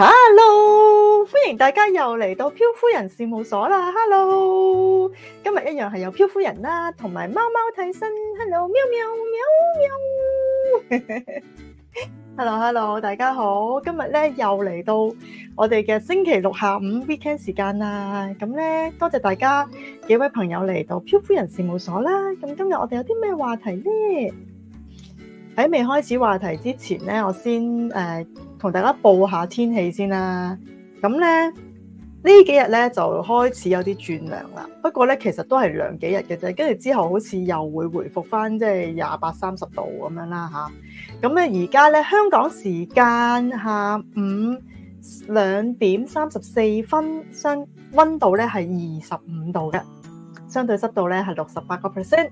Hello，歡迎大家又嚟到漂夫人事務所啦！Hello，今日一樣係有漂夫人啦，同埋貓貓替身。Hello，喵喵喵喵。Hello，Hello， hello, 大家好，今日咧又嚟到我哋嘅星期六下午 weekend 時間啦！咁咧多謝大家幾位朋友嚟到漂夫人事務所啦。咁今日我哋有啲咩話題呢？喺未開始話題之前咧，我先誒同、呃、大家報下天氣先啦。咁咧呢幾日咧就開始有啲轉涼啦。不過咧其實都係涼幾日嘅啫。跟住之後好似又會回復翻即係廿八、三十度咁樣啦吓。咁咧而家咧香港時間下午兩點三十四分，相溫度咧係二十五度嘅，相對濕度咧係六十八個 percent。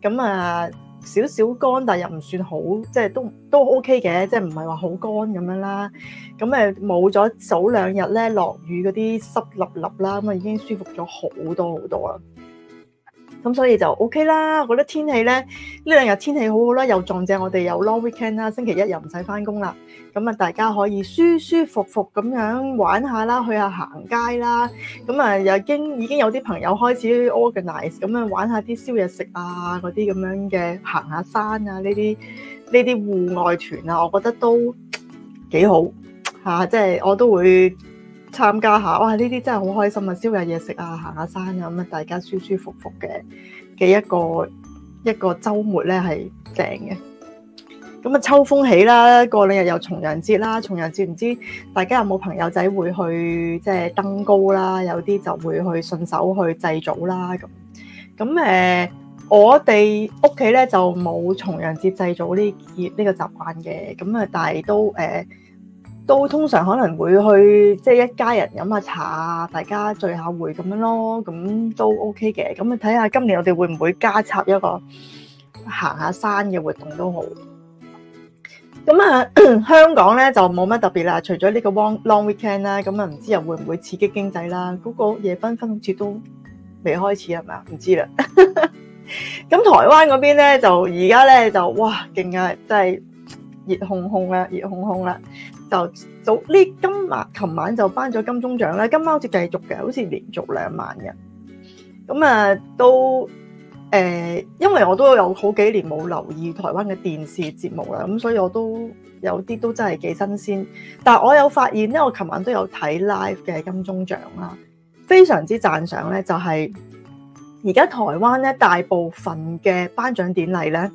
咁啊。少少乾，但又唔算好，即係都都 O K 嘅，即係唔係話好乾咁樣啦。咁誒冇咗早兩日咧落雨嗰啲濕立立啦，咁啊已經舒服咗好多好多啦。咁所以就 OK 啦，我覺得天氣咧呢兩日天氣好好啦，又撞正我哋又 long weekend 啦，星期一又唔使翻工啦，咁啊大家可以舒舒服服咁樣玩下啦，去下行街啦，咁啊又已經有啲朋友開始 organize 咁樣玩下啲宵夜食啊，嗰啲咁樣嘅行下山啊，呢啲呢啲戶外團啊，我覺得都幾好吓，即係、啊就是、我都會。參加下，哇！呢啲真係好開心啊，燒下嘢食啊，行下山咁啊，大家舒舒服服嘅嘅一個一個週末咧係正嘅。咁啊，秋風起啦，過兩日又重陽節啦。重陽節唔知大家有冇朋友仔會去即係登高啦，有啲就會去順手去祭祖啦咁。咁誒、呃，我哋屋企咧就冇重陽節祭祖呢呢、呢個習慣嘅，咁啊，但係都誒。呃都通常可能會去即係一家人飲下茶啊，大家聚下會咁樣咯。咁都 OK 嘅。咁啊，睇下今年我哋會唔會加插一個行下山嘅活動都好。咁啊，香港咧就冇乜特別啦，除咗呢個 long long weekend 啦。咁啊，唔知又會唔會刺激經濟啦？嗰個夜繽紛好似都未開始係咪啊？唔知啦。咁台灣嗰邊咧就而家咧就哇，勁啊！真係熱烘烘啦，熱烘烘啦。就到呢今晚，琴晚就頒咗金鐘獎咧。今晚好似繼續嘅，好似連續兩晚嘅。咁啊，都誒、欸，因為我都有好幾年冇留意台灣嘅電視節目啦。咁所以我都有啲都真係幾新鮮。但我有發現咧，我琴晚都有睇 live 嘅金鐘獎啦，非常之讚賞咧。就係而家台灣咧，大部分嘅頒獎典禮咧，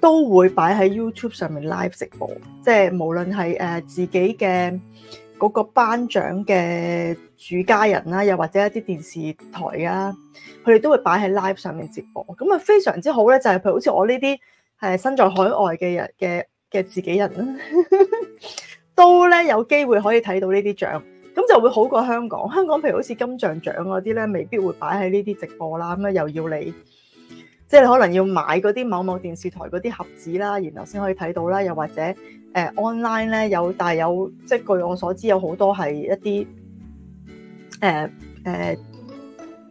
都會擺喺 YouTube 上面 live 直播，即係無論係誒自己嘅嗰個頒獎嘅主家人啦，又或者一啲電視台啊，佢哋都會擺喺 live 上面直播。咁啊，非常之好咧，就係譬如好似我呢啲誒身在海外嘅人嘅嘅自己人，都咧有機會可以睇到呢啲獎，咁就會好過香港。香港譬如好似金像獎嗰啲咧，未必會擺喺呢啲直播啦，咁咧又要你。即係你可能要買嗰啲某某電視台嗰啲盒子啦，然後先可以睇到啦。又或者誒 online 咧有，大有即係據我所知有好多係一啲誒誒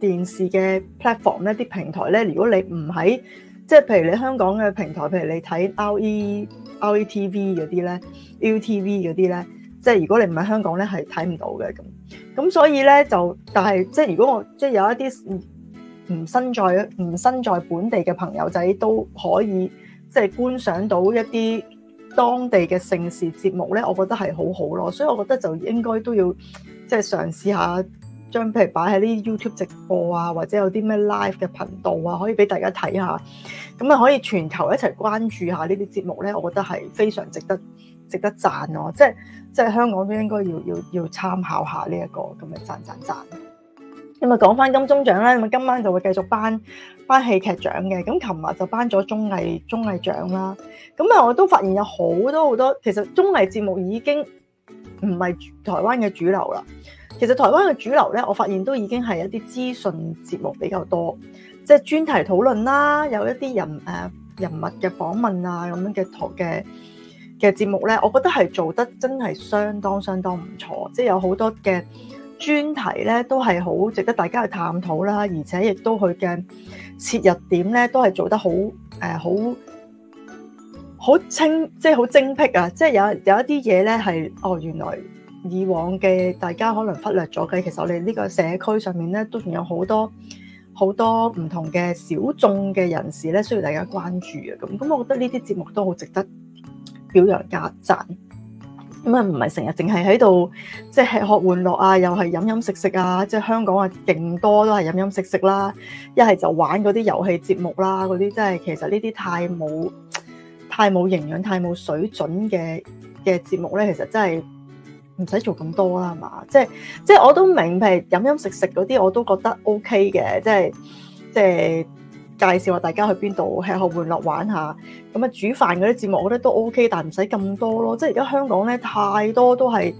電視嘅 platform 咧，啲平台咧，如果你唔喺即係譬如你香港嘅平台，譬如你睇 RE RETV 嗰啲咧，LTV 嗰啲咧，即係如果你唔喺香港咧係睇唔到嘅咁。咁所以咧就但係即係如果我即係有一啲。唔身在唔身在本地嘅朋友仔都可以即係觀賞到一啲當地嘅盛事節目咧，我覺得係好好咯，所以我覺得就應該都要即係嘗試下將譬如擺喺啲 YouTube 直播啊，或者有啲咩 live 嘅頻道啊，可以俾大家睇下，咁啊可以全球一齊關注下呢啲節目咧，我覺得係非常值得值得讚咯，即係即係香港都應該要要要參考下呢一個咁嘅讚讚讚。讚讚。咁啊，講翻金鐘獎啦，咁啊今晚就會繼續頒頒戲劇獎嘅。咁琴日就頒咗綜藝綜藝獎啦。咁啊，我都發現有好多好多，其實綜藝節目已經唔係台灣嘅主流啦。其實台灣嘅主流咧，我發現都已經係一啲資訊節目比較多，即係專題討論啦，有一啲人誒人物嘅訪問啊咁樣嘅台嘅嘅節目咧，我覺得係做得真係相當相當唔錯，即係有好多嘅。專題咧都係好值得大家去探討啦，而且亦都佢嘅切入點咧都係做得好誒，好、呃、好清即係好精闢啊！即係有有一啲嘢咧係哦，原來以往嘅大家可能忽略咗嘅，其實我哋呢個社區上面咧都仲有好多好多唔同嘅小眾嘅人士咧需要大家關注啊！咁咁，我覺得呢啲節目都好值得表揚加讚。咁啊，唔係成日淨係喺度即係吃喝玩樂啊，又係飲飲食食啊。即係香港啊，勁多都係飲飲食食啦。一係就玩嗰啲遊戲節目啦，嗰啲真係其實呢啲太冇太冇營養、太冇水準嘅嘅節目咧，其實真係唔使做咁多啦，係嘛？即係即係我都明，譬如飲飲食食嗰啲，我都覺得 OK 嘅，即係即係。即係介紹下大家去邊度吃喝玩樂玩下，咁啊煮飯嗰啲節目，我覺得都 OK，但唔使咁多咯。即係而家香港咧太多都係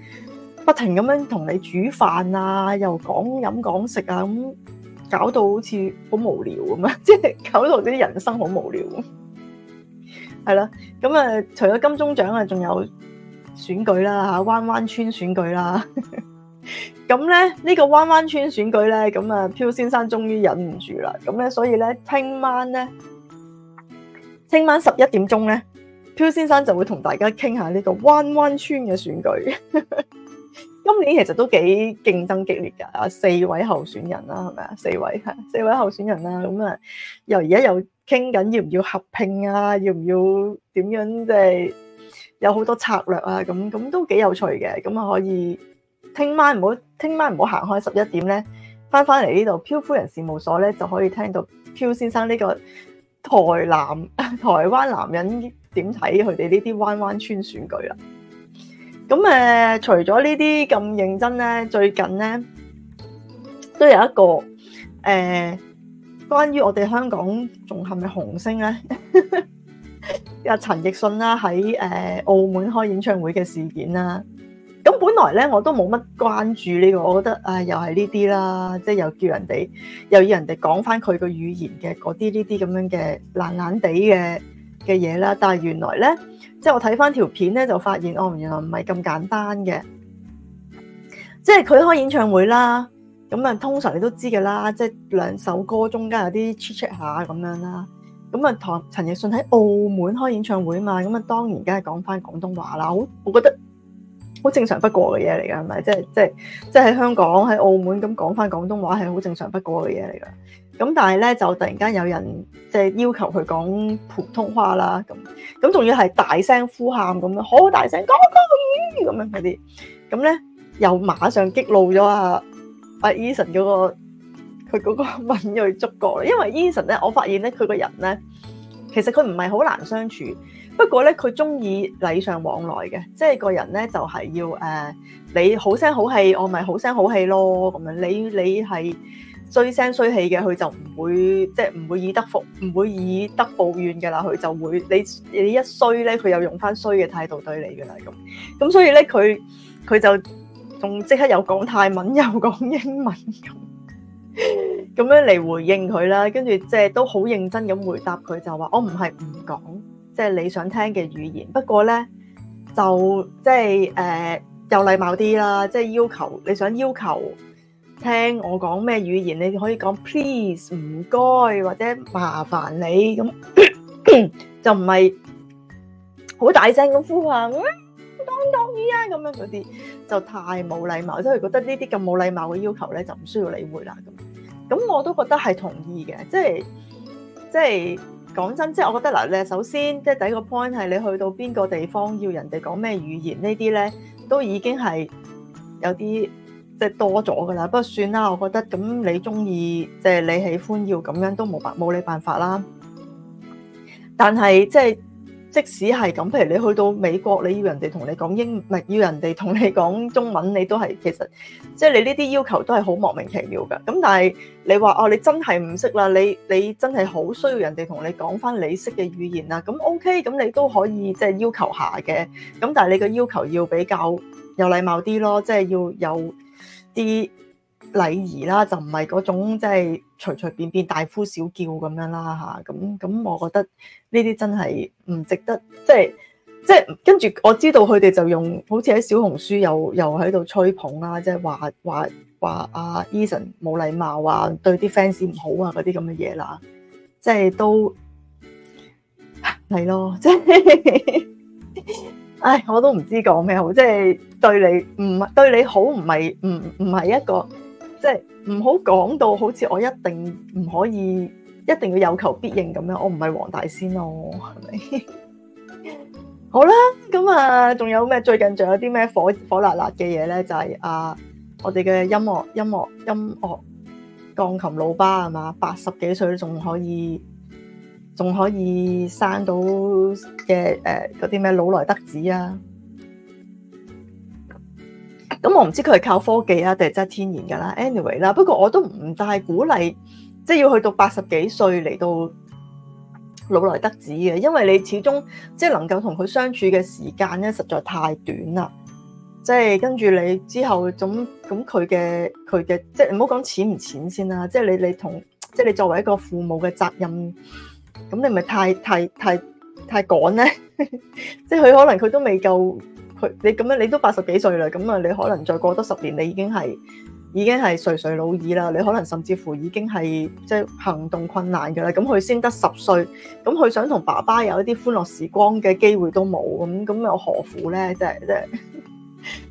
不停咁樣同你煮飯啊，又講飲講食啊，咁搞到好似好無聊咁樣！即係搞到啲人生好無聊。係啦，咁啊，除咗金鐘獎啊，仲有選舉啦，嚇灣灣村選舉啦。 咁咧，呢個灣灣村選舉咧，咁啊，漂先生終於忍唔住啦。咁咧，所以咧，聽晚咧，聽晚十一點鐘咧，漂先生就會同大家傾下呢個灣灣村嘅選舉。 今年其實都幾競爭激烈噶，啊，四位候選人啦，係咪啊，四位，四位候選人啦，咁啊，又而家又傾緊要唔要合拼啊，要唔要點樣即係有好多策略啊，咁咁都幾有趣嘅，咁啊可以。聽晚唔好，聽晚唔好行開，十一點咧翻翻嚟呢度，漂夫人事務所咧就可以聽到漂先生呢個台南台灣男人點睇佢哋呢啲彎彎村選舉啊！咁誒、呃，除咗呢啲咁認真咧，最近咧都有一個誒、呃，關於我哋香港仲係咪紅星咧啊陳奕迅啦喺誒澳門開演唱會嘅事件啦。咁本來咧，我都冇乜關注呢個，我覺得啊、哎，又係呢啲啦，即係又叫人哋，又要人哋講翻佢個語言嘅嗰啲呢啲咁樣嘅懶懶哋嘅嘅嘢啦。但係原來咧，即係我睇翻條片咧，就發現哦，原來唔係咁簡單嘅。即係佢開演唱會啦，咁啊，通常你都知嘅啦，即係兩首歌中間有啲 check check 下咁樣啦。咁啊，唐陳奕迅喺澳門開演唱會嘛，咁啊，當然梗係講翻廣東話啦。我我覺得。好正常不過嘅嘢嚟㗎，係咪？即係即係即係喺香港、喺澳門咁講返廣東話係好正常不過嘅嘢嚟㗎。咁但係咧，就突然間有人即係要求佢講普通話啦，咁咁仲要係大聲呼喊咁 樣，好大聲講講語咁樣嗰啲，咁咧又馬上激怒咗啊、那個，阿 Eason 嗰個佢嗰個敏鋭觸覺。因為 Eason 咧，我發現咧佢個人咧，其實佢唔係好難相處。不過咧，佢中意禮尚往來嘅，即係個人咧就係、是、要誒、呃，你好聲好氣，我咪好聲好氣咯咁樣。你你係衰聲衰氣嘅，佢就唔會即係唔會以德服，唔會以德報怨嘅啦。佢就會你你一衰咧，佢又用返衰嘅態度對你嘅啦。咁咁所以咧，佢佢就仲即刻又講泰文又講英文咁樣嚟回應佢啦。跟住即係都好認真咁回答佢，就話我唔係唔講。即係你想聽嘅語言，不過咧就即係誒有禮貌啲啦，即係要求你想要求聽我講咩語言，你可以講 please 唔該或者麻煩你咁，就唔係好大聲咁呼喊，嗯、動動啊當當依啊咁樣嗰啲就太冇禮貌，即係覺得呢啲咁冇禮貌嘅要求咧就唔需要理會啦咁，咁我都覺得係同意嘅，即係即係。就是講真，即係我覺得嗱，你首先即係第一個 point 係你去到邊個地方要人哋講咩語言呢啲咧，都已經係有啲即係多咗噶啦。不過算啦，我覺得咁你中意即係你喜歡要咁樣都冇辦冇你辦法啦。但係即係。即使係咁，譬如你去到美國，你要人哋同你講英文，要人哋同你講中文，你都係其實即係你呢啲要求都係好莫名其妙㗎。咁但係你話哦，你真係唔識啦，你你真係好需要人哋同你講翻你識嘅語言啦。咁 OK，咁你都可以即係要求下嘅。咁但係你個要求要比較有禮貌啲咯，即係要有啲。禮儀啦，就唔係嗰種即係、就是、隨隨便便大呼小叫咁樣啦吓，咁咁，那我覺得呢啲真係唔值得，即係即係跟住我知道佢哋就用好似喺小紅書又又喺度吹捧啦，即係話話話阿 Eason 冇禮貌啊，對啲 fans 唔好啊嗰啲咁嘅嘢啦，即係都係咯，即 係唉，我都唔知講咩好，即係對你唔係對你好唔係唔唔係一個。即係唔好講到好似我一定唔可以，一定要有求必應咁樣，我唔係黃大仙咯，哦，係咪？好啦，咁啊，仲有咩最近仲有啲咩火火辣辣嘅嘢咧？就係、是、啊，我哋嘅音樂音樂音樂鋼琴老爸係嘛，八十幾歲仲可以，仲可以生到嘅誒嗰啲咩老來得子啊！咁我唔知佢係靠科技啊，定係真係天然噶啦。anyway 啦，不過我都唔大鼓勵，即係要去到八十幾歲嚟到老來得子嘅，因為你始終即係能夠同佢相處嘅時間咧，實在太短啦。即係跟住你之後，咁咁佢嘅佢嘅，即係唔好講錢唔錢先啦。即係你你同即係你作為一個父母嘅責任，咁你咪太太太太趕咧？ 即係佢可能佢都未夠。佢你咁樣，你都八十幾歲啦，咁啊，你可能再過多十年，你已經係已經係垂垂老矣啦。你可能甚至乎已經係即係行動困難㗎啦。咁佢先得十歲，咁佢想同爸爸有一啲歡樂時光嘅機會都冇，咁咁又何苦咧？即係即係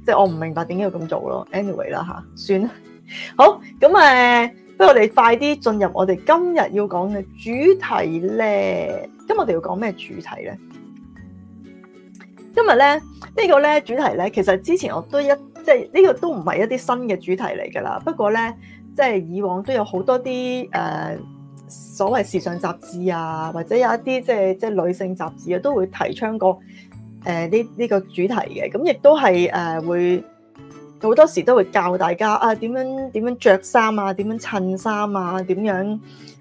即係我唔明白點解要咁做咯。Anyway 啦吓，算啦。好，咁誒，不如我哋快啲進入我哋今日要講嘅主題咧。今日我哋要講咩主題咧？今日咧呢、呢個咧主題咧，其實之前我都一即係呢個都唔係一啲新嘅主題嚟㗎喇。不過咧，即係以往都有好多啲誒、呃、所謂時尚雜誌啊，或者有一啲即係即係女性雜誌啊，都會提倡個誒呢呢個主題嘅。咁亦都係誒、呃、會好多時都會教大家啊點樣點樣著衫啊，點樣，樣，、啊、樣襯衫啊，點樣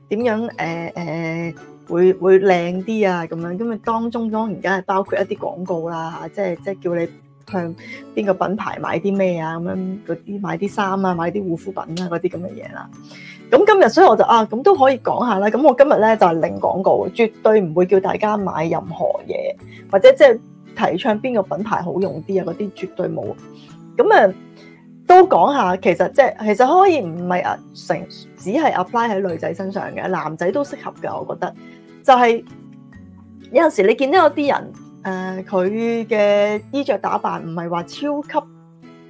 點樣誒誒。呃呃會會靚啲啊咁樣，咁啊當中當然而家係包括一啲廣告啦嚇，即係即係叫你向邊個品牌買啲咩啊咁樣，嗰啲買啲衫啊買啲護膚品啊嗰啲咁嘅嘢啦。咁今日所以我就啊咁都可以講下啦。咁我今日咧就係零廣告，絕對唔會叫大家買任何嘢，或者即係提倡邊個品牌好用啲啊，嗰啲絕對冇。咁啊～都講下，其實即係其實可以唔係啊，成只係 apply 喺女仔身上嘅，男仔都適合嘅。我覺得就係、是、有陣時你見到有啲人，誒佢嘅衣着打扮唔係話超級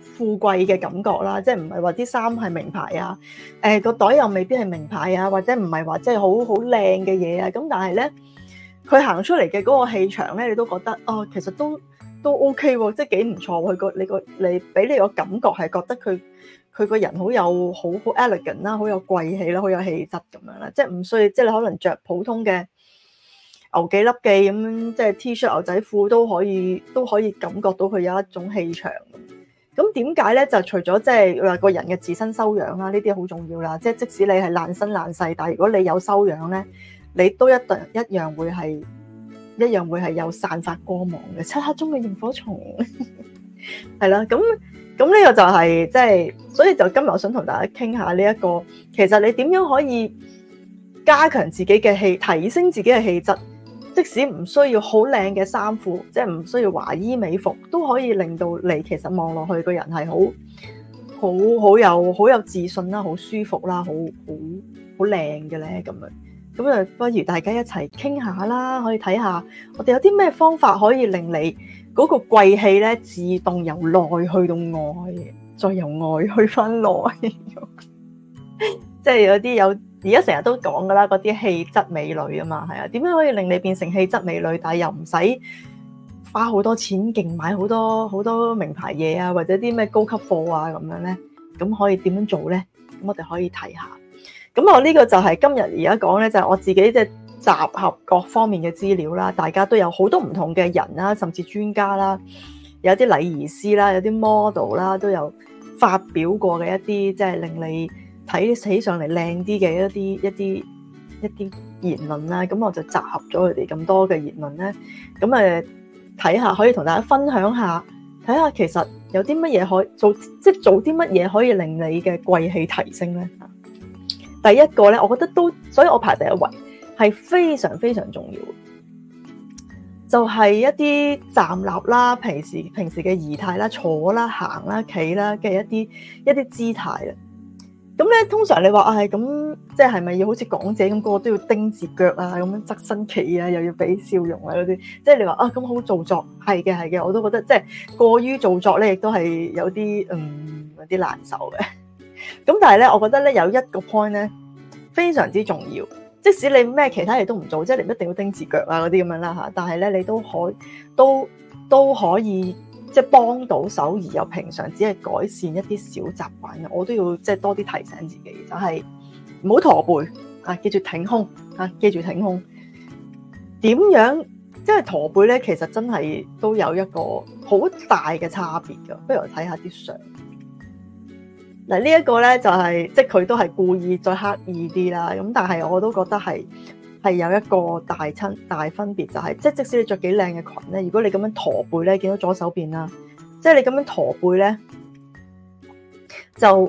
富貴嘅感覺啦，即係唔係話啲衫係名牌啊，誒、呃、個袋又未必係名牌啊，或者唔係話即係好好靚嘅嘢啊，咁但係咧佢行出嚟嘅嗰個氣場咧，你都覺得哦，其實都。都 OK 喎，即係幾唔錯喎。佢個你個你俾你個感覺係覺得佢佢個人好有好好 elegant 啦，好有貴氣啦，好有氣質咁樣啦。即係唔需要，即係你可能著普通嘅牛記笠記咁，即係 T 恤牛仔褲都可以都可以感覺到佢有一種氣場。咁點解咧？就除咗即係話個人嘅自身修養啦，呢啲好重要啦。即係即使你係爛身爛世，但係如果你有修養咧，你都一定一樣會係。一樣會係有散發光芒嘅漆黑中嘅螢火蟲，係 啦。咁咁呢個就係即係，所以就今日我想同大家傾下呢、這、一個，其實你點樣可以加強自己嘅氣，提升自己嘅氣質，即使唔需要好靚嘅衫褲，即係唔需要華衣美服，都可以令到你其實望落去個人係好好好有好有自信啦，好舒服啦，好好好靚嘅咧咁樣。咁啊，不如大家一齊傾下啦，可以睇下我哋有啲咩方法可以令你嗰個貴氣咧，自動由內去到外，再由外去翻內。即 係有啲有而家成日都講噶啦，嗰啲氣質美女啊嘛，係啊，點樣可以令你變成氣質美女，但係又唔使花好多錢，勁買好多好多名牌嘢啊，或者啲咩高級貨啊咁樣咧？咁可以點樣做咧？咁我哋可以睇下。咁我呢個就係今日而家講咧，就係我自己即係集合各方面嘅資料啦。大家都有好多唔同嘅人啦，甚至專家啦，有啲禮儀師啦，有啲 model 啦，都有發表過嘅一啲即係令你睇起上嚟靚啲嘅一啲一啲一啲言論啦。咁我就集合咗佢哋咁多嘅言論咧，咁誒睇下可以同大家分享下，睇下其實有啲乜嘢可以做，即係做啲乜嘢可以令你嘅貴氣提升咧？第一個咧，我覺得都，所以我排第一位，係非常非常重要嘅，就係一啲站立啦、平時平時嘅儀態啦、坐啦、行啦、企啦嘅一啲一啲姿態啊。咁咧，通常你話啊，咁即係咪要好似港姐咁，個個都要丁字腳啊，咁樣側身企啊，又要俾笑容啊嗰啲，即係你話啊，咁好做作，係嘅係嘅，我都覺得即係過於做作咧，亦都係有啲嗯有啲難受嘅。咁但係咧，我覺得咧，有一個 point 咧，非常之重要。即使你咩其他嘢都唔做，即係你唔一定要丁字腳啊嗰啲咁樣啦嚇，但係咧你都可以都都可以即係幫到手，而又平常只係改善一啲小習慣。我都要即係多啲提醒自己，就係唔好駝背嚇、啊，記住挺胸嚇、啊，記住挺胸。點樣即係駝背咧？其實真係都有一個好大嘅差別噶。不如我睇下啲相。嗱、這個就是，呢一個咧就係即係佢都係故意再刻意啲啦。咁但係我都覺得係係有一個大親大分別，就係即係即使你着幾靚嘅裙咧，如果你咁樣駝背咧，見到左手邊啦，即係你咁樣駝背咧，就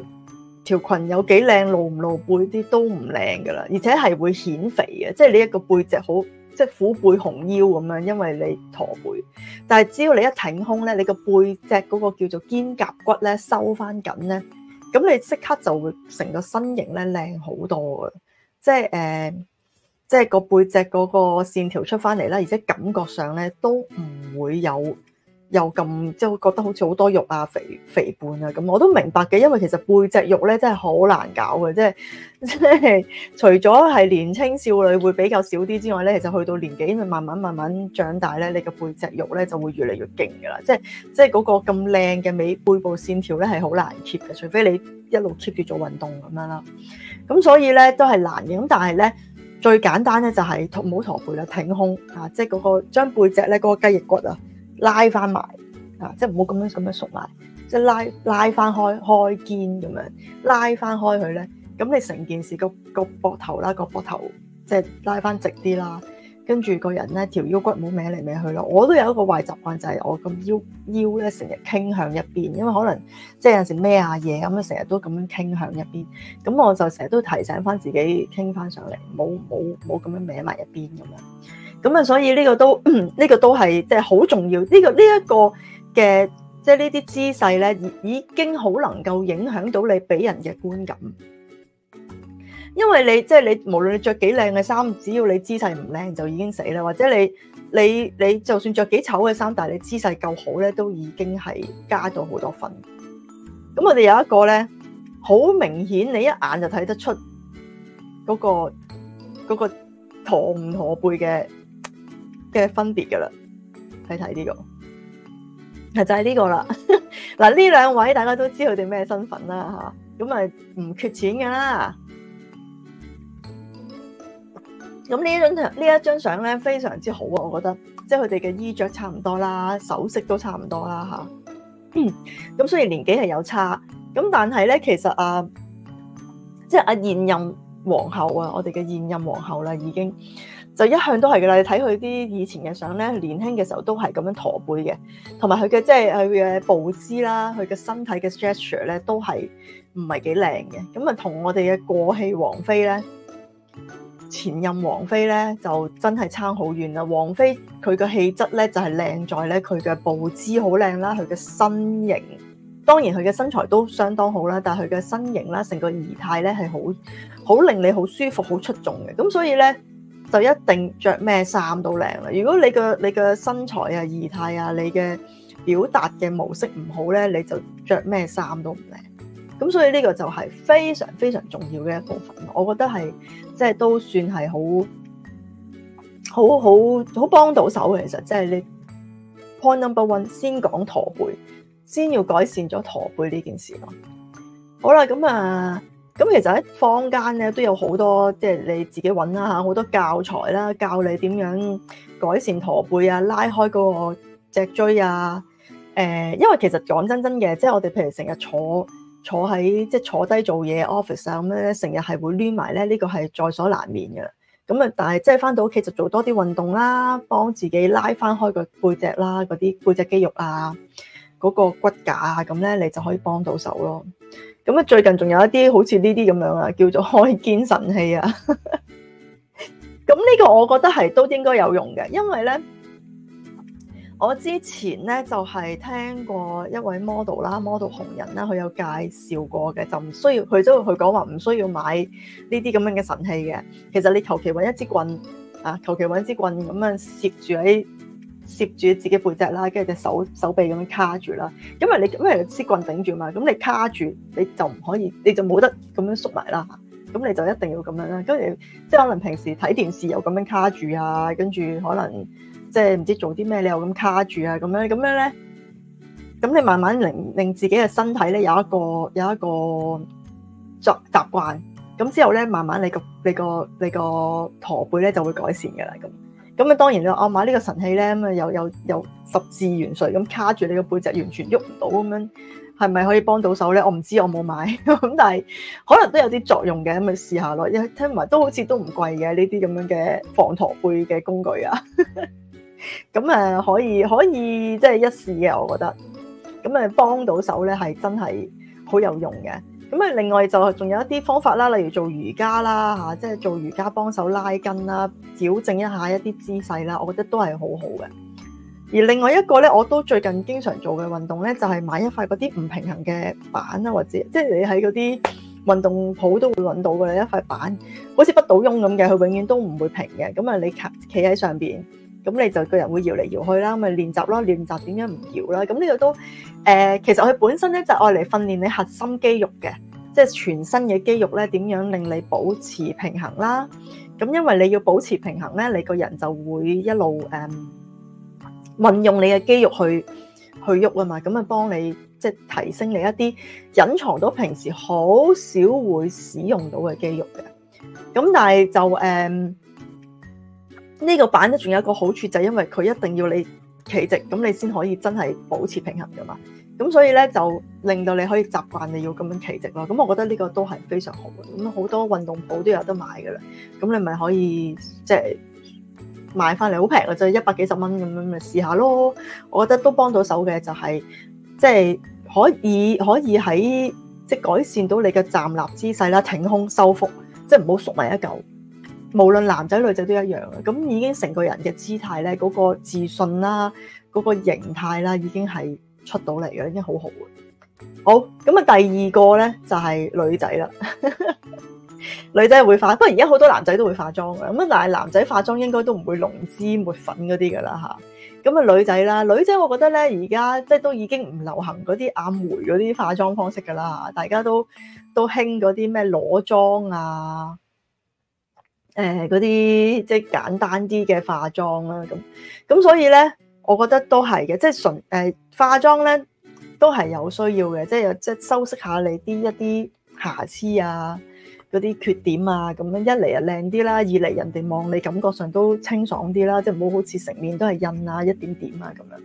條裙有幾靚露唔露背啲都唔靚噶啦，而且係會顯肥嘅。即係你一個背脊好即係虎背熊腰咁樣，因為你駝背。但係只要你一挺胸咧，你個背脊嗰個叫做肩胛骨咧收翻緊咧。咁你即刻就會成個身形咧靚好多嘅，即係、呃、即係個背脊嗰個線條出返嚟啦，而且感覺上呢都唔會有。又咁即係會覺得好似好多肉啊、肥肥胖啊咁，我都明白嘅。因為其實背脊肉咧，真係好難搞嘅，即係即係除咗係年青少女會比較少啲之外咧，其實去到年紀，因為慢慢慢慢長大咧，你個背脊肉咧就會越嚟越勁噶啦。即係即係嗰個咁靚嘅美背部線條咧，係好難 keep 嘅，除非你一路 keep 住做運動咁樣啦。咁所以咧都係難嘅。咁但係咧最簡單咧就係冇駝背啦，挺胸啊，即係嗰個將背脊咧嗰個雞翼骨啊。拉翻埋，啊，即係唔好咁樣咁樣縮埋，即係拉拉翻開，開肩咁樣，拉翻開佢咧，咁你成件事個個膊頭啦，個膊頭、啊、個膊頭即係拉翻直啲啦，跟、啊、住個人咧條腰骨唔好歪嚟歪去咯。我都有一個壞習慣就係、是、我咁腰腰咧成日傾向一邊，因為可能即係有時孭下嘢咁樣成日都咁樣傾向一邊。咁我就成日都提醒翻自己傾翻上嚟，冇冇冇咁樣歪埋一邊咁樣。咁啊，所以呢個都呢個都係即係好重要。呢個呢一個嘅即係呢啲姿勢咧，已已經好能夠影響到你俾人嘅觀感。因為你即係你無論你着幾靚嘅衫，只要你姿勢唔靚就已經死啦。或者你你你就算着幾醜嘅衫，但係你姿勢夠好咧，都已經係加咗好多分。咁我哋有一個咧，好明顯你一眼就睇得出嗰個嗰個駝唔駝背嘅。那個嘅分別噶啦，睇睇呢個，係就係呢個啦。嗱，呢兩位大家都知佢哋咩身份啦嚇，咁啊唔缺錢噶啦。咁呢張呢一張相咧非常之好啊，我覺得，即係佢哋嘅衣着差唔多啦，首飾都差唔多啦嚇。咁雖然年紀係有差，咁但係咧其實啊，即係阿現任皇后啊，我哋嘅現任皇后啦，已經。就一向都係嘅啦，你睇佢啲以前嘅相咧，年輕嘅時候都係咁樣駝背嘅，同埋佢嘅即係佢嘅步姿啦，佢嘅身體嘅 structure 咧都係唔係幾靚嘅。咁啊，同我哋嘅過氣王妃咧，前任王妃咧就真係差好遠啦。王妃佢嘅氣質咧就係、是、靚在咧佢嘅步姿好靚啦，佢嘅身形當然佢嘅身材都相當好啦，但係佢嘅身形啦，成個儀態咧係好好令你好舒服、好出眾嘅。咁所以咧。就一定着咩衫都靚啦。如果你嘅你嘅身材啊、儀態啊、你嘅表達嘅模式唔好咧，你就着咩衫都唔靚。咁所以呢個就係非常非常重要嘅一部分。我覺得係即係都算係好好好好幫到手嘅。其實即係你 Point number one 先講駝背，先要改善咗駝背呢件事咯。好啦，咁啊。咁其實喺坊間咧都有好多，即係你自己揾啦嚇，好多教材啦，教你點樣改善駝背啊，拉開嗰個脊椎啊。誒、呃，因為其實講真真嘅，即係我哋譬如成日坐坐喺即係坐低做嘢 office 啊咁樣咧，成日係會攣埋咧，呢、這個係在所難免嘅。咁啊，但係即係翻到屋企就做多啲運動啦，幫自己拉翻開個背脊啦，嗰啲背脊肌肉啊。嗰、那個骨架啊，咁咧你就可以幫到手咯。咁啊，最近仲有一啲好似呢啲咁樣啊，叫做開肩神器啊。咁 呢個我覺得係都應該有用嘅，因為咧，我之前咧就係、是、聽過一位 model 啦，model 紅人啦，佢有介紹過嘅，就唔需要佢都佢講話唔需要買呢啲咁樣嘅神器嘅。其實你求其揾一支棍啊，求其揾支棍咁樣攝住喺，攝住自己背脊啦，跟住隻手手臂咁樣卡住啦。因為你因為支棍頂住嘛，咁你卡住你就唔可以，你就冇得咁樣縮埋啦。咁你就一定要咁樣啦。跟住即係可能平時睇電視又咁樣卡住啊，跟住可能即係唔知做啲咩你又咁卡住啊，咁樣咁樣咧。咁你慢慢令令自己嘅身體咧有一個有一個習習慣。咁之後咧，慢慢你個你個你個駝背咧就會改善㗎啦。咁。咁啊，當然啦，我買呢個神器咧，咁啊有有有十字元帥咁卡住你個背脊，完全喐唔到咁樣，係咪可以幫到手咧？我唔知我冇買，咁但係可能都有啲作用嘅，咁咪試下咯。一聽埋都好似都唔貴嘅呢啲咁樣嘅防駝背嘅工具啊，咁 啊可以可以即係一試嘅，我覺得，咁啊幫到手咧係真係好有用嘅。咁啊，另外就仲有一啲方法啦，例如做瑜伽啦，吓即係做瑜伽幫手拉筋啦，矯正一下一啲姿勢啦，我覺得都係好好嘅。而另外一個咧，我都最近經常做嘅運動咧，就係、是、買一塊嗰啲唔平衡嘅板啦，或者即係、就是、你喺嗰啲運動鋪都會揾到嘅一塊板好似不倒翁咁嘅，佢永遠都唔會平嘅。咁啊，你企喺上邊。咁你就個人會搖嚟搖去啦，咪練習咯，練習點樣唔搖啦？咁呢個都誒、呃，其實佢本身咧就愛、是、嚟訓練你核心肌肉嘅，即、就、係、是、全身嘅肌肉咧點樣令你保持平衡啦。咁因為你要保持平衡咧，你個人就會一路誒、嗯、運用你嘅肌肉去去喐啊嘛，咁啊幫你即係、就是、提升你一啲隱藏到平時好少會使用到嘅肌肉嘅。咁但係就誒。嗯呢、個板咧，仲有一個好處就係因為佢一定要你企直，咁你先可以真係保持平衡噶嘛。咁所以咧，就令到你可以習慣你要咁樣企直咯。咁我覺得呢個都係非常好嘅。咁好多運動鋪都有得買噶啦。咁你咪可以即係買翻嚟，好平啊，就係一百幾十蚊咁樣咪試下咯。我覺得都幫到手嘅，就係即係可以可以喺即改善到你嘅站立姿勢啦，挺胸收腹，即係唔好縮埋一嚿。無論男仔女仔都一樣嘅，咁已經成個人嘅姿態咧，嗰個自信啦，嗰個形態啦，已經係出到嚟嘅，已經好好好。咁啊第二個咧就係女仔啦， 女仔會化，不過而家好多男仔都會化妝嘅，咁啊但係男仔化妝應該都唔會濃脂抹粉嗰啲噶啦吓，咁啊女仔啦，女仔我覺得咧而家即係都已經唔流行嗰啲眼眉嗰啲化妝方式噶啦，大家都都興嗰啲咩裸妝啊。誒嗰啲即係簡單啲嘅化妝啦，咁咁所以咧，我覺得都係嘅，即係純誒、呃、化妝咧都係有需要嘅，即係即係修飾下你啲一啲瑕疵啊，嗰啲缺點啊，咁樣一嚟啊靚啲啦，二嚟人哋望你感覺上都清爽啲啦，即係唔好好似成面都係印啊一點點啊咁樣。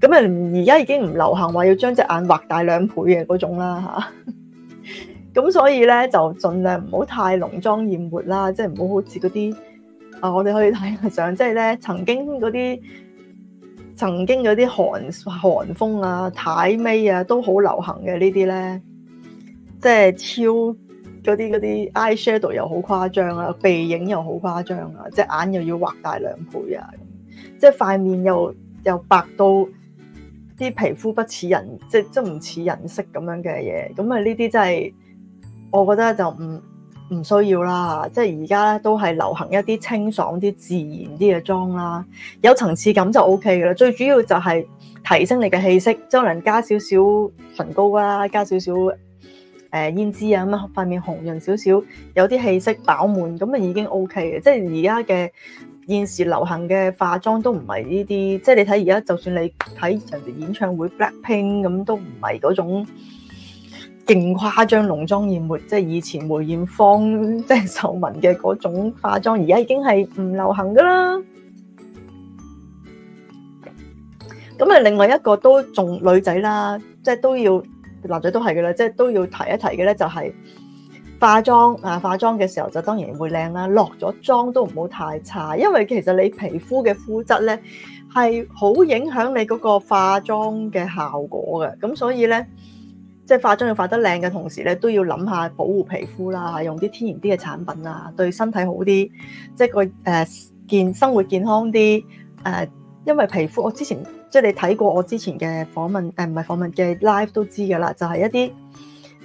咁啊而家已經唔流行話要將隻眼畫大兩倍嘅嗰種啦，嚇、啊。咁所以咧就儘量唔好太濃妝豔抹啦，即係唔好好似嗰啲啊，我哋可以睇下相，即係咧曾經嗰啲曾經嗰啲韓韓風啊、太美啊都好流行嘅呢啲咧，即係超嗰啲嗰啲 eye shadow 又好誇張啊，鼻影又好誇張啊，即係眼又要畫大兩倍啊，即係塊面又又白到啲皮膚不似人，即係即係唔似人色咁樣嘅嘢，咁啊呢啲真係～我覺得就唔唔需要啦，即係而家咧都係流行一啲清爽啲、自然啲嘅妝啦，有層次感就 OK 嘅啦。最主要就係提升你嘅氣色，可能加少少唇膏啦，加少少、呃、胭脂啊咁啊，塊面紅潤少少，有啲氣色飽滿咁啊，已經 OK 嘅。即係而家嘅現時流行嘅化妝都唔係呢啲，即係你睇而家就算你睇人哋演唱會 Blackpink 咁，都唔係嗰種。勁誇張濃妝艷抹，即係以前梅艷芳即係秀文嘅嗰種化妝，而家已經係唔流行噶啦。咁啊，另外一個都仲女仔啦，即係都要男仔都係噶啦，即係都要提一提嘅咧，就係、是、化妝啊！化妝嘅時候就當然會靚啦，落咗妝都唔好太差，因為其實你皮膚嘅膚質咧係好影響你嗰個化妝嘅效果嘅，咁所以咧。即係化妝要化得靚嘅同時咧，都要諗下保護皮膚啦，用啲天然啲嘅產品啊，對身體好啲，即係個誒、uh, 健生活健康啲誒，uh, 因為皮膚我之前即係你睇過我之前嘅訪問誒，唔、啊、係訪問嘅 live 都知㗎啦，就係、是、一啲。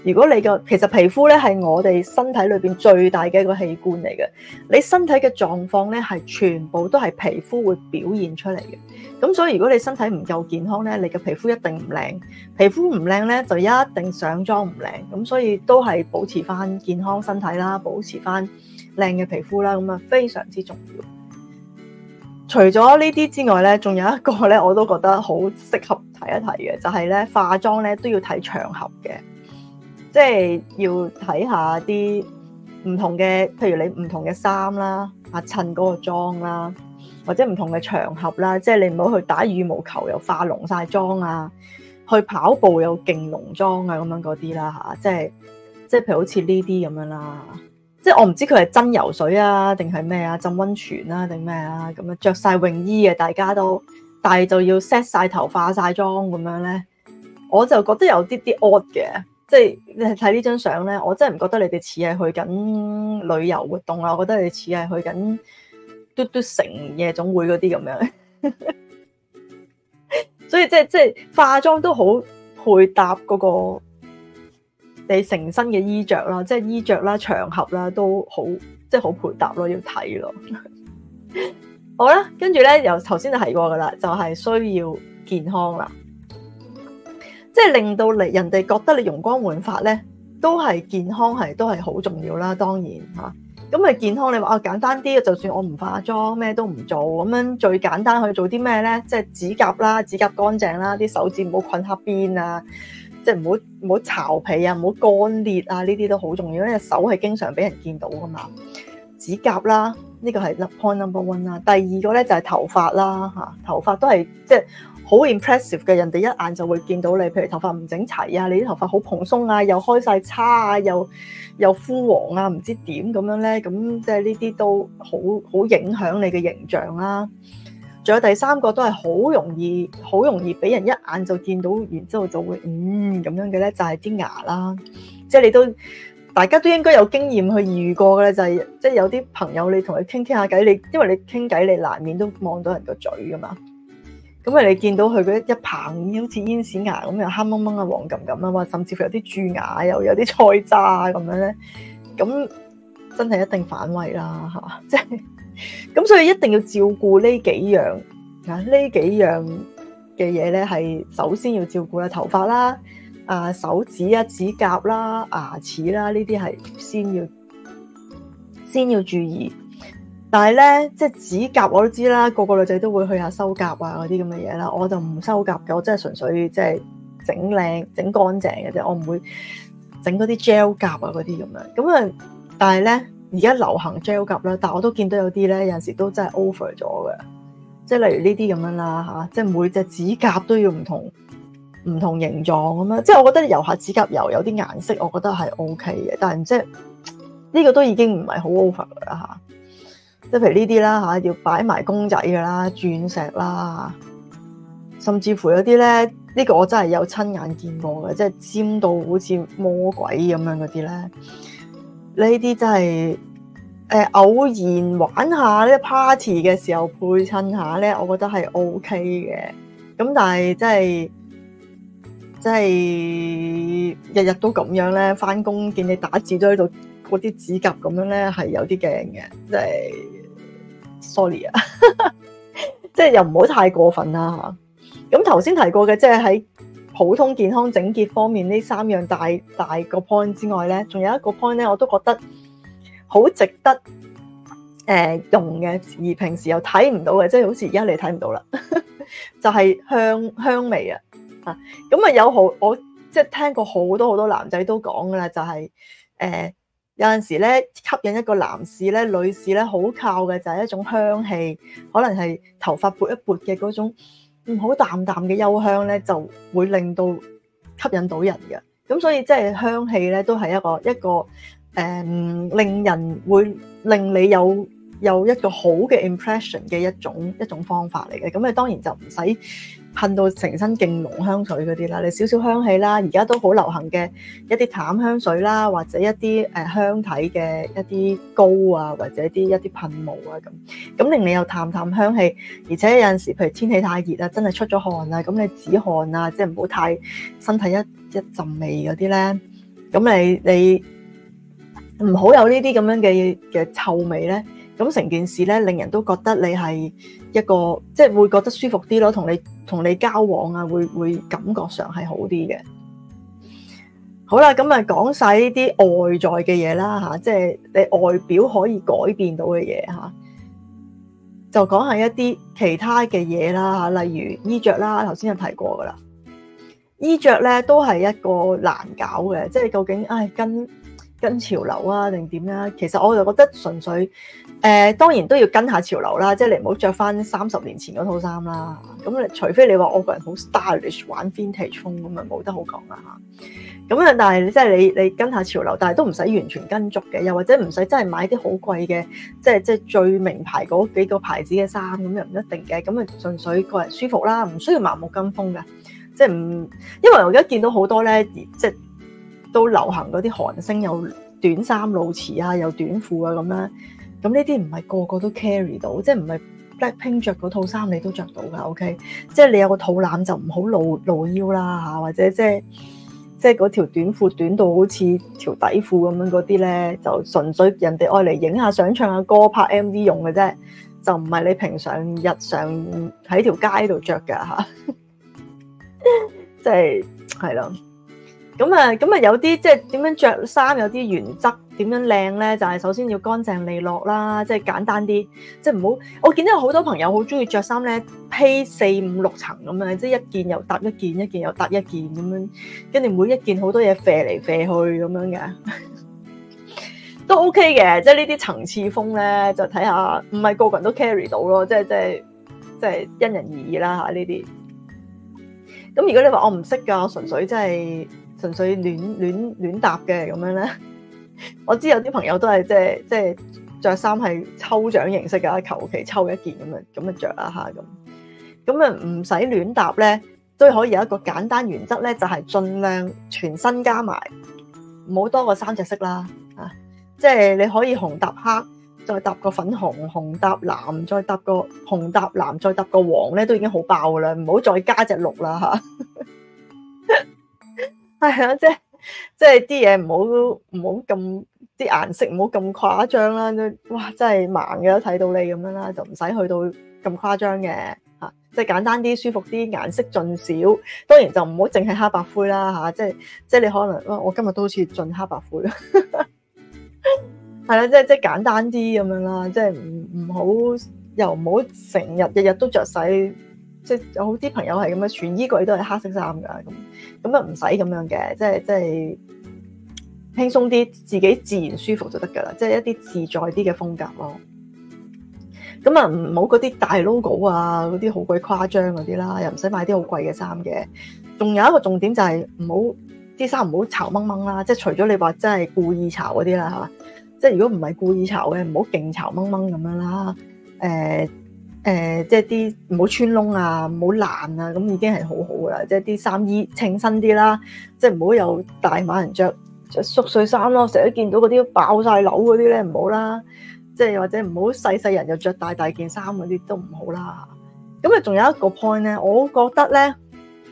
如果你嘅其實皮膚咧係我哋身體裏邊最大嘅一個器官嚟嘅，你身體嘅狀況咧係全部都係皮膚會表現出嚟嘅。咁所以如果你身體唔夠健康咧，你嘅皮膚一定唔靚，皮膚唔靚咧就一定上妝唔靚。咁所以都係保持翻健康身體啦，保持翻靚嘅皮膚啦，咁啊非常之重要。除咗呢啲之外咧，仲有一個咧我都覺得好適合提一提嘅，就係咧化妝咧都要睇場合嘅。即係要睇下啲唔同嘅，譬如你唔同嘅衫啦，啊襯嗰個妝啦，或者唔同嘅場合啦，即係你唔好去打羽毛球又化濃晒妝啊，去跑步又勁濃妝啊，咁樣嗰啲啦吓，即係即係譬如好似呢啲咁樣啦，即係我唔知佢係真游水啊定係咩啊，浸溫泉啊，定咩啊，咁樣着晒泳衣嘅大家都，但係就要 set 曬頭化晒妝咁樣咧，我就覺得有啲啲 odd 嘅。即係你睇呢張相咧，我真係唔覺得你哋似係去緊旅遊活動啊！我覺得你哋似係去緊嘟嘟城夜總會嗰啲咁樣， 所以即係即係化妝都好配搭嗰個你成身嘅衣着啦，即係衣着啦、場合啦，都好即係好配搭咯，要睇咯。 好啦，跟住咧由頭先就提過噶啦，就係需要健康啦。即係令到你人哋覺得你容光煥發咧，都係健康係都係好重要啦。當然嚇，咁啊健康你話啊簡單啲，就算我唔化妝，咩都唔做咁樣，最簡單去做啲咩咧？即係指甲啦，指甲乾淨啦，啲手指唔好困黑邊啊，即係唔好唔好巢皮啊，唔好乾裂啊，呢啲都好重要，因為手係經常俾人見到噶嘛。指甲啦，呢個係 number one 啦。第二個咧就係頭髮啦，嚇頭髮都係即係。好 impressive 嘅，人哋一眼就會見到你。譬如頭髮唔整齊啊，你啲頭髮好蓬鬆啊，又開晒叉啊，又又枯黃啊，唔知點咁樣咧，咁即係呢啲都好好影響你嘅形象啦。仲有第三個都係好容易，好容易俾人一眼就見到，然之後就會嗯咁樣嘅咧，就係、是、啲牙啦。即係你都大家都應該有經驗去遇過嘅咧，就係、是、即係有啲朋友你同佢傾傾下偈，你因為你傾偈你難免都望到人個嘴噶嘛。咁啊！你見到佢一棚好似煙屎牙咁，又黑濛濛啊，黃濛濛啊，甚至乎有啲蛀牙，又有啲菜渣啊咁樣咧，咁真係一定反胃啦嚇！即係咁，就是、所以一定要照顧呢幾樣啊，呢幾樣嘅嘢咧，係首先要照顧嘅頭髮啦、啊、呃、手指啊、指甲啦、牙齒啦，呢啲係先要先要注意。但係咧，即係指甲我都知啦，個個女仔都會去下修甲啊嗰啲咁嘅嘢啦。我就唔修甲嘅，我真係純粹即係整靚整乾淨嘅啫，我唔會整嗰啲 gel 甲啊嗰啲咁樣。咁啊，但係咧而家流行 gel 甲啦，但我都見到有啲咧有陣時都真係 over 咗嘅。即係例如呢啲咁樣啦吓，即係每隻指甲都要唔同唔同形狀咁樣。即係我覺得你油下指甲油有啲顏色，我覺得係 OK 嘅，但係即係呢個都已經唔係好 over 啦嚇。即係譬如呢啲啦嚇，要擺埋公仔噶啦、鑽石啦，甚至乎有啲咧，呢個我真係有親眼見過嘅，即係尖到好似魔鬼咁樣嗰啲咧。呢啲真係誒偶然玩下呢 party 嘅時候配襯下咧，我覺得係 OK 嘅。咁但係真係真係日日都咁樣咧，翻工見你打字都喺度，嗰啲指甲咁樣咧係有啲驚嘅，即係。Sorry 啊，即係又唔好太過分啦嚇。咁頭先提過嘅，即係喺普通健康整潔方面呢三樣大大個 point 之外咧，仲有一個 point 咧，我都覺得好值得誒、呃、用嘅，而平時又睇唔到嘅，即係好似而家你睇唔到啦，就係、是就是、香香味啊啊！咁啊有好我即係、就是、聽過好多好多男仔都講噶啦，就係、是、誒。呃有陣時咧，吸引一個男士咧、女士咧，好靠嘅就係、是、一種香氣，可能係頭髮撥一撥嘅嗰種，嗯，好淡淡嘅幽香咧，就會令到吸引到人嘅。咁所以即係香氣咧，都係一個一個誒、嗯，令人會令你有。有一個好嘅 impression 嘅一種一種方法嚟嘅，咁你當然就唔使噴到成身勁濃香水嗰啲啦。你少少香氣啦，而家都好流行嘅一啲淡香水啦，或者一啲誒香體嘅一啲膏啊，或者啲一啲噴霧啊咁。咁令你又淡淡香氣，而且有陣時譬如天氣太熱啊，真係出咗汗啊，咁你止汗啊，即係唔好太身體一一陣味嗰啲咧。咁你你唔好有呢啲咁樣嘅嘅臭味咧。咁成件事咧，令人都覺得你係一個即係會覺得舒服啲咯，同你同你交往啊，會會感覺上係好啲嘅。好啦，咁啊講晒呢啲外在嘅嘢啦，吓，即係你外表可以改變到嘅嘢吓，就講下一啲其他嘅嘢啦嚇，例如衣着啦，頭先有提過噶啦，衣着咧都係一個難搞嘅，即係究竟唉、哎、跟跟潮流啊，定點啦？其實我就覺得純粹。誒、呃、當然都要跟下潮流啦，即係你唔好着返三十年前嗰套衫啦。咁除非你話我個人好 stylish，玩 vintage 風咁啊，冇得好講啦嚇。咁啊，但係即係你你跟下潮流，但係都唔使完全跟足嘅，又或者唔使真係買啲好貴嘅，即係即係最名牌嗰幾個牌子嘅衫咁又唔一定嘅。咁啊，純粹個人舒服啦，唔需要盲目跟風嘅。即係唔，因為我而家見到好多咧，即係都流行嗰啲韓星有短衫露臍啊，有短褲啊咁樣。咁呢啲唔係個個都 carry 到，即係唔係 BLACKPINK 着嗰套衫你都着到噶，OK？即係你有個肚腩就唔好露露腰啦嚇，或者即係即係嗰條短褲短到好似條底褲咁樣嗰啲咧，就純粹人哋愛嚟影下，想唱下歌、拍 MV 用嘅啫，就唔係你平常日常喺條街度着噶嚇，即係係咯。呵呵就是咁啊，咁啊，有啲即係點樣著衫有啲原則，點樣靚咧？就係首先要乾淨利落啦，即係簡單啲，即係唔好。我見到有好多朋友好中意著衫咧，披四五六層咁樣，即係一件又搭一件，一件又搭一件咁樣，跟住每一件好多嘢飛嚟飛去咁樣嘅，都 OK 嘅。即係呢啲層次風咧，就睇下唔係個個人都 carry 到咯，即係即係即係因人而異啦嚇呢啲。咁如果你話我唔識噶，我純粹即係。純粹亂亂亂搭嘅咁樣咧，我知有啲朋友都係即係即係着衫係抽獎形式噶，求其抽一件咁樣咁啊着啦吓咁，咁啊唔使亂搭咧，都可以有一個簡單原則咧，就係盡量全身加埋，唔好多過三隻色啦啊！即係你可以紅搭黑，再搭個粉紅，紅搭藍，再搭個紅搭藍，再搭個黃咧，都已經好爆啦，唔好再加隻綠啦吓。啊 係啊，即係即係啲嘢唔好唔好咁，啲顏色唔好咁誇張啦。都哇真係盲嘅都睇到你咁樣啦，就唔使去到咁誇張嘅嚇。即係簡單啲、舒服啲，顏色盡少。當然就唔好淨係黑白灰啦嚇。即係即係你可能我今日都好似盡黑白灰。係 啦、即係，即係即係簡單啲咁樣啦，即係唔唔好又唔好成日日日都着曬。即係有好啲朋友係咁樣，全衣櫃都係黑色衫噶咁，咁啊唔使咁樣嘅，即係即係輕鬆啲，自己自然舒服就得噶啦，即係一啲自在啲嘅風格咯。咁啊唔好嗰啲大 logo 啊，嗰啲好鬼誇張嗰啲啦，又唔使買啲好貴嘅衫嘅。仲有一個重點就係唔好啲衫唔好嘈掹掹啦，即係除咗你話真係故意嘈嗰啲啦，係嘛？即係如果唔係故意嘈嘅，唔好勁嘈掹掹咁樣啦，誒。誒、呃，即係啲唔好穿窿啊，唔好爛啊，咁已經係好好噶啦。即係啲衫衣稱身啲啦，即係唔好有大碼人着着縮水衫咯。成日都見到嗰啲爆晒鈕嗰啲咧，唔好啦。即係或者唔好細細人又着大大件衫嗰啲都唔好啦。咁啊，仲有一個 point 咧，我覺得咧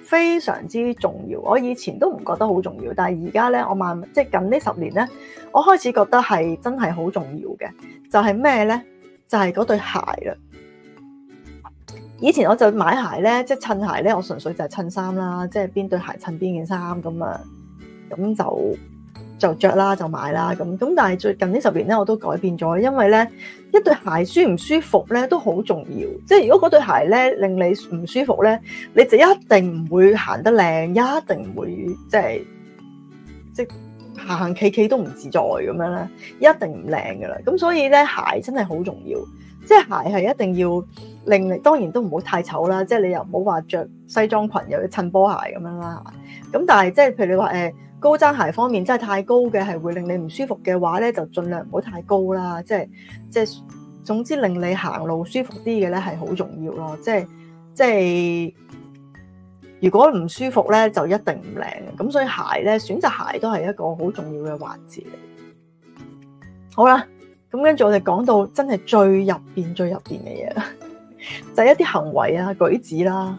非常之重要。我以前都唔覺得好重要，但係而家咧，我慢。即係近呢十年咧，我開始覺得係真係好重要嘅。就係咩咧？就係嗰對鞋啦。以前我就買鞋咧，即係襯鞋咧，我純粹就係襯衫啦，即係邊對鞋襯邊件衫咁啊，咁就就著啦，就買啦咁。咁但係最近呢十年咧，我都改變咗，因為咧一對鞋舒唔舒服咧都好重要。即係如果嗰對鞋咧令你唔舒服咧，你就一定唔會行得靚，一定唔會即係即係行行企企都唔自在咁樣啦，一定唔靚噶啦。咁所以咧鞋真係好重要。即係鞋係一定要令你，當然都唔好太醜啦。即係你又唔好話着西裝裙又要襯波鞋咁樣啦。咁但係即係譬如你話誒高踭鞋方面，真係太高嘅係會令你唔舒服嘅話咧，就盡量唔好太高啦。即係即係總之令你行路舒服啲嘅咧係好重要咯。即係即係如果唔舒服咧就一定唔靚嘅。咁所以鞋咧選擇鞋都係一個好重要嘅環節嚟。好啦。咁跟住我哋講到真係最入面、最入面嘅嘢，就係、是、一啲行為啊、舉止啦。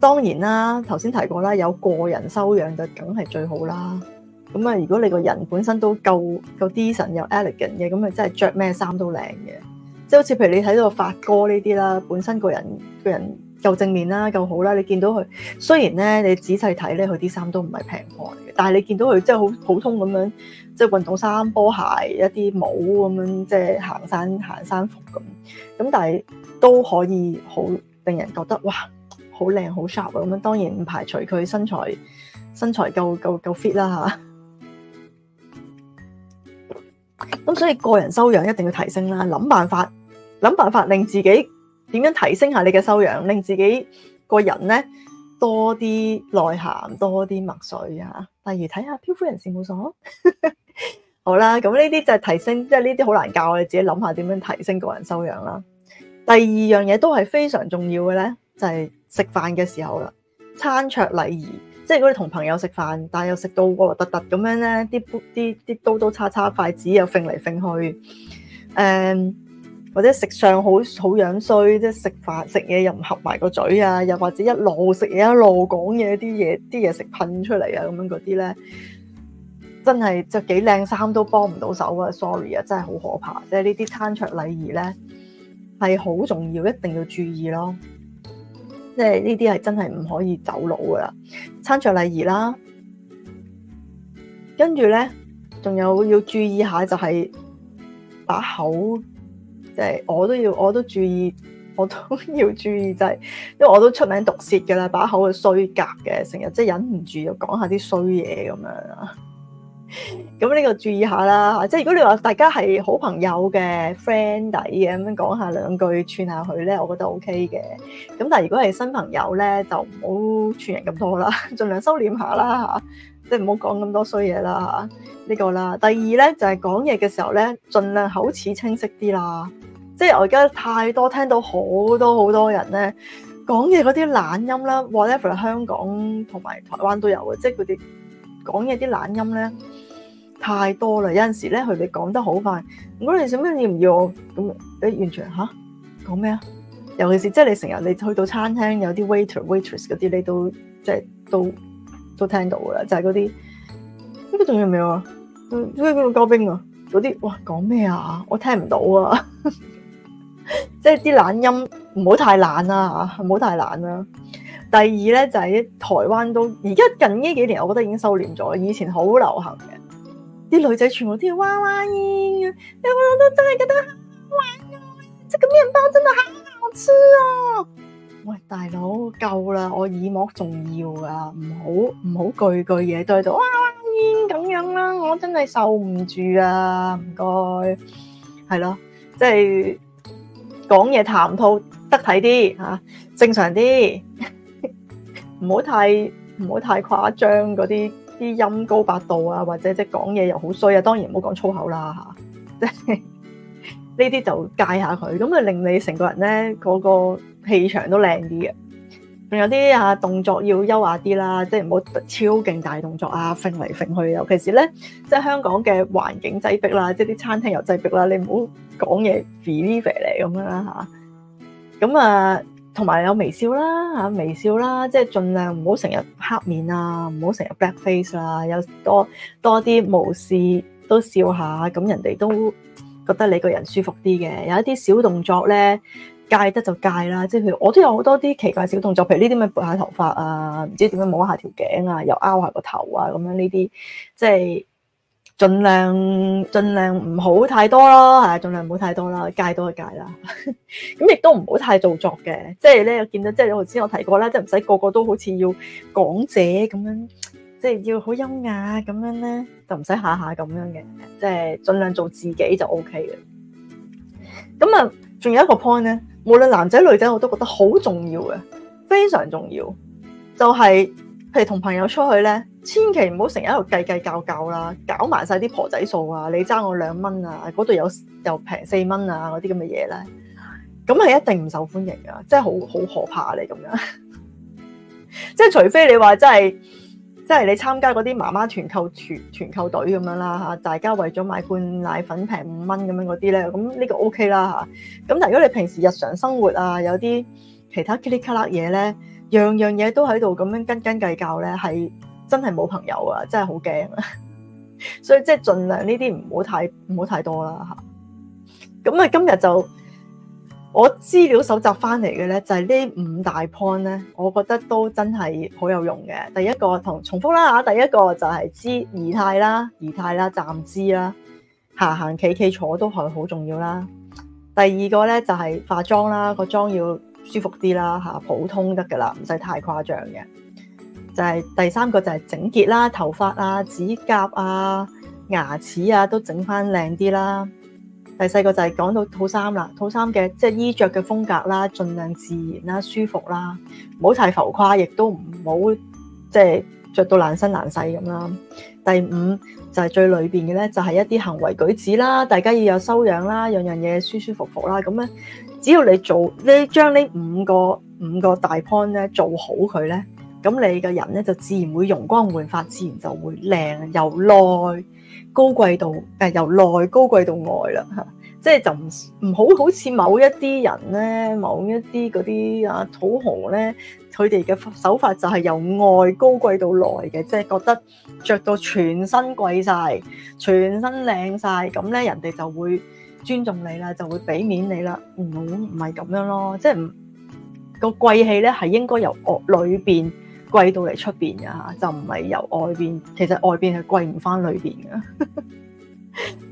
當然啦，頭先提過啦，有個人修養就梗係最好啦。咁啊，如果你個人本身都夠夠 decent 又 elegant 嘅，咁啊真係著咩衫都靚嘅。即係好似譬如你睇到發哥呢啲啦，本身個人個人。夠正面啦，夠好啦。你見到佢，雖然咧，你仔細睇咧，佢啲衫都唔係平貨嚟嘅。但係你見到佢，即係好普通咁樣，即係運動衫、波鞋、一啲帽咁樣，即係行山、行山服咁。咁但係都可以好令人覺得哇，好靚、好 sharp 啊咁樣。當然唔排除佢身材身材夠夠夠 fit 啦，吓。咁所以個人修養一定要提升啦，諗辦法，諗辦法令自己。點樣提升下你嘅修養，令自己個人咧多啲內涵，多啲墨水啊！例如睇下《漂夫人事務所》 好啦，咁呢啲就係提升，即係呢啲好難教，你自己諗下點樣提升個人修養啦。第二樣嘢都係非常重要嘅咧，就係、是、食飯嘅時候啦，餐桌禮儀。即係如果你同朋友食飯，但係又食到個核突突咁樣咧，啲啲啲刀刀叉叉筷子又揈嚟揈去，誒。或者食相好好樣衰，即係食飯食嘢又唔合埋個嘴啊，又或者一路食嘢一路講嘢啲嘢啲嘢食噴出嚟啊，咁樣嗰啲咧，真係著幾靚衫都幫唔到手啊！Sorry 啊，真係好可怕！即係呢啲餐桌禮儀咧，係好重要，一定要注意咯。即係呢啲係真係唔可以走佬噶啦，餐桌禮儀啦。跟住咧，仲有要注意下就係把口。即、就、係、是、我都要，我都注意，我都要注意。就係、是，因為我都出名毒舌嘅啦，把口嘅衰格嘅，成日即係忍唔住又講下啲衰嘢咁樣啊。咁呢個注意一下啦，即係如果你話大家係好朋友嘅 friend 仔嘅咁樣講下兩句串下佢咧，我覺得 OK 嘅。咁但係如果係新朋友咧，就唔好串人咁多啦，盡量收斂下啦吓，即係唔好講咁多衰嘢啦。呢、這個啦，第二咧就係講嘢嘅時候咧，盡量口齒清晰啲啦。即係我而家太多聽到好多好多人咧講嘢嗰啲懶音啦，whatever 香港同埋台灣都有嘅，即係嗰啲講嘢啲懶音咧太多啦。有陣時咧佢哋講得好快，唔該你使咩要唔要？咁啊，完全吓講咩啊？尤其是即係你成日你去到餐廳有啲 waiter waitress 嗰啲，你都即係都都聽到噶啦。就係嗰啲呢個仲要有冇啊？做咩咁交兵啊？嗰啲、啊、哇講咩啊？我聽唔到啊！ 即係啲懶音，唔好太懶啦吓，唔好太懶啦、啊。第二咧就喺、是、台灣都，而家近呢幾年，我覺得已經收斂咗。以前好流行嘅，啲女仔全部都要娃娃音，有冇都真係覺得好玩啊！即、這個麵包真係好好食啊！喂，大佬夠啦，我耳膜仲要㗎，唔好唔好句句嘢都喺度娃娃音咁樣啦，我真係受唔住啊！唔該，係咯，即係。講嘢談吐得體啲吓，正常啲，唔好太唔好太誇張嗰啲啲音高八度啊，或者即係講嘢又好衰啊，當然唔好講粗口啦吓，即係呢啲就戒下佢，咁啊令你成個人咧、嗰個氣場都靚啲嘅。仲有啲啊動作要優雅啲啦，即係唔好超勁大動作啊，揈嚟揈去。尤其是咧，即係香港嘅環境擠迫啦，即係啲餐廳又擠迫啦，你唔好講嘢，believe 你咁樣啦吓。咁啊，同埋有微笑啦吓，微笑啦，即係盡量唔好成日黑面啊，唔好成日 black face 啦，有多多啲無事都笑下，咁人哋都覺得你個人舒服啲嘅。有一啲小動作咧。戒得就戒啦，即係譬如我都有好多啲奇怪小動作，譬如呢啲咩撥下頭髮啊，唔知點樣摸下條頸啊，又拗下個頭啊，咁樣呢啲，即係盡量盡量唔好太多啦，係盡量唔好太多啦，戒多就戒啦，咁 亦都唔好太做作嘅，即係咧，我見到即係頭先我提過啦，即係唔使個個都好似要講者咁樣，即係要好優雅咁樣咧，就唔使下下咁樣嘅，即係盡量做自己就 OK 嘅。咁啊，仲有一個 point 咧。無論男仔女仔，我都覺得好重要嘅，非常重要。就係、是、譬如同朋友出去咧，千祈唔好成日喺度計計較較啦，搞埋晒啲婆仔數啊，你爭我兩蚊啊，嗰度有又平四蚊啊，嗰啲咁嘅嘢咧，咁係一定唔受歡迎啊，即係好好可怕，你咁樣， 即係除非你話真係。即係你參加嗰啲媽媽團購團團購隊咁樣啦嚇，大家為咗買罐奶粉平五蚊咁樣嗰啲咧，咁呢個 OK 啦嚇。咁但如果你平時日常生活啊，有啲其他 i c k l 卡甩嘢咧，樣樣嘢都喺度咁樣斤斤計較咧，係真係冇朋友啊，真係好驚啊。所以即係盡量呢啲唔好太唔好太多啦嚇。咁啊，今日就。我資料搜集翻嚟嘅咧，就係、是、呢五大 point 咧，我覺得都真係好有用嘅。第一個同重複啦嚇，第一個就係知儀態啦、儀態啦、站姿啦、行行企企坐都係好重要啦。第二個咧就係、是、化妝啦，個妝要舒服啲啦嚇，普通得㗎啦，唔使太誇張嘅。就係、是、第三個就係整潔啦，頭髮啊、指甲啊、牙齒啊都整翻靚啲啦。第四個就係講到套衫啦，套衫嘅即係衣着嘅風格啦，儘量自然啦、舒服啦，唔好太浮誇，亦都唔好即係著到爛身爛世咁啦。第五就係最裏邊嘅咧，就係一啲行為舉止啦，大家要有修養啦，樣樣嘢舒舒服服啦。咁咧，只要你做呢，將呢五個五個大 point 咧做好佢咧，咁你嘅人咧就自然會容光煥發，自然就會靚又耐。高貴到誒由內高貴到外啦，嚇！即係就唔唔好好似某一啲人咧，某一啲嗰啲啊土豪咧，佢哋嘅手法就係由外高貴到內嘅，即係覺得着到全身貴晒、全身靚晒，咁咧人哋就會尊重你啦，就會俾面你啦。唔好唔係咁樣咯，即係個貴氣咧係應該由內邊貴到嚟出邊啊，就唔係由外邊，其實外邊係貴唔翻裏邊嘅，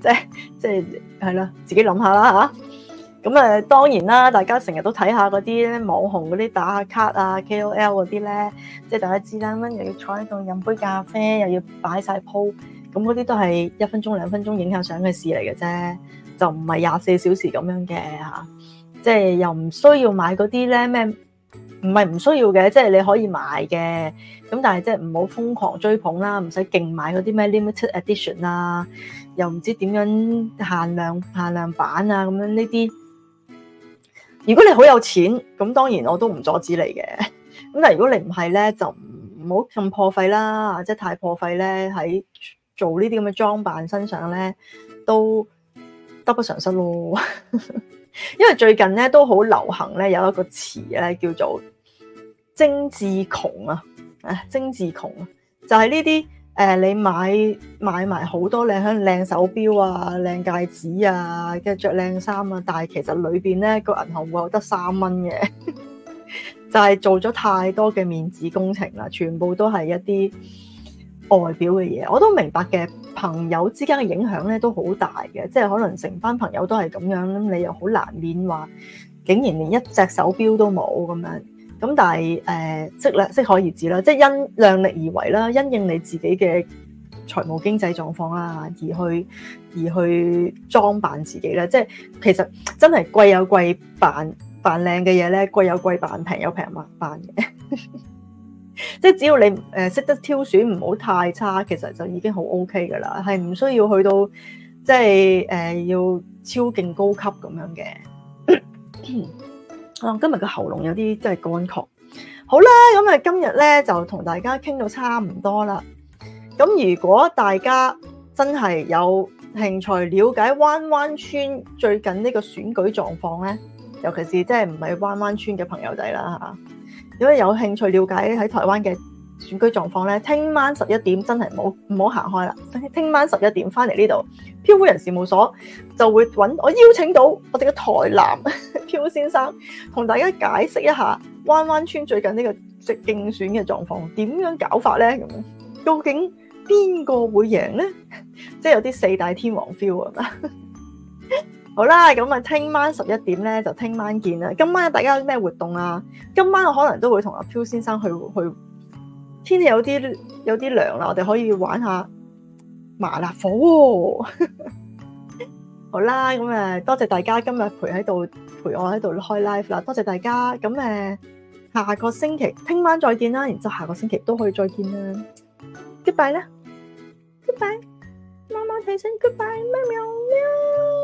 即係即係係啦，自己諗下啦吓，咁啊、呃，當然啦，大家成日都睇下嗰啲網紅嗰啲打下卡啊，K O L 嗰啲咧，即係大家知啦，乜又要坐喺度飲杯咖啡，又要擺晒鋪，咁嗰啲都係一分鐘兩分鐘影下相嘅事嚟嘅啫，就唔係廿四小時咁樣嘅吓，即係又唔需要買嗰啲咧咩？唔係唔需要嘅，即係你可以買嘅，咁但係即係唔好瘋狂追捧啦，唔使勁買嗰啲咩 limited edition 啦，又唔知點樣限量限量版啊，咁樣呢啲。如果你好有錢，咁當然我都唔阻止你嘅。咁但係如果你唔係咧，就唔好咁破費啦，即係太破費咧喺做呢啲咁嘅裝扮身上咧，都得不償失咯。 因為最近咧都好流行咧有一個詞咧叫做。精緻窮啊，誒，精緻窮啊，就係呢啲，誒，你買買埋好多靚香靚手表啊，靚戒指啊，跟住着靚衫啊，但係其實裏邊咧個銀行戶口得三蚊嘅， 就係做咗太多嘅面子工程啦，全部都係一啲外表嘅嘢。我都明白嘅，朋友之間嘅影響咧都好大嘅，即係可能成班朋友都係咁樣，咁你又好難免話，竟然連一隻手表都冇咁樣。咁、嗯、但係誒，適量適可而止啦，即係因量力而為啦，因應你自己嘅財務經濟狀況啊，而去而去裝扮自己啦。即係其實真係貴有貴扮，扮靚嘅嘢咧，貴有貴扮，平有平扮嘅。 即係只要你誒識、呃、得挑選，唔好太差，其實就已經好 OK 噶啦，係唔需要去到即係誒、呃、要超勁高級咁樣嘅。 哦，今日個喉嚨有啲真係乾渴。好啦，咁啊今日咧就同大家傾到差唔多啦。咁如果大家真係有興趣了解灣灣村最近呢個選舉狀況咧，尤其是即係唔係灣灣村嘅朋友仔啦嚇，如果有興趣了解喺台灣嘅。選舉狀況咧，聽晚十一點真係冇唔好行開啦！聽晚十一點翻嚟呢度，飄夫人事務所就會揾我邀請到我哋嘅台南飄先生，同大家解釋一下灣灣村最近呢個即競選嘅狀況點樣搞法咧？究竟邊個會贏咧？即有啲四大天王 feel 啊！好啦，咁啊，聽晚十一點咧就聽晚見啦。今晚大家有咩活動啊？今晚我可能都會同阿飄先生去去。天氣有啲有啲涼啦，我哋可以玩一下麻辣火哦。 好啦，咁、嗯、誒，多謝大家今日陪喺度陪我喺度開 live 啦，多謝大家。咁、嗯、誒，下個星期聽晚再見啦，然之後下個星期都可以再見啦。Goodbye 啦，Goodbye，媽媽提醒 g o o d b y e 喵喵。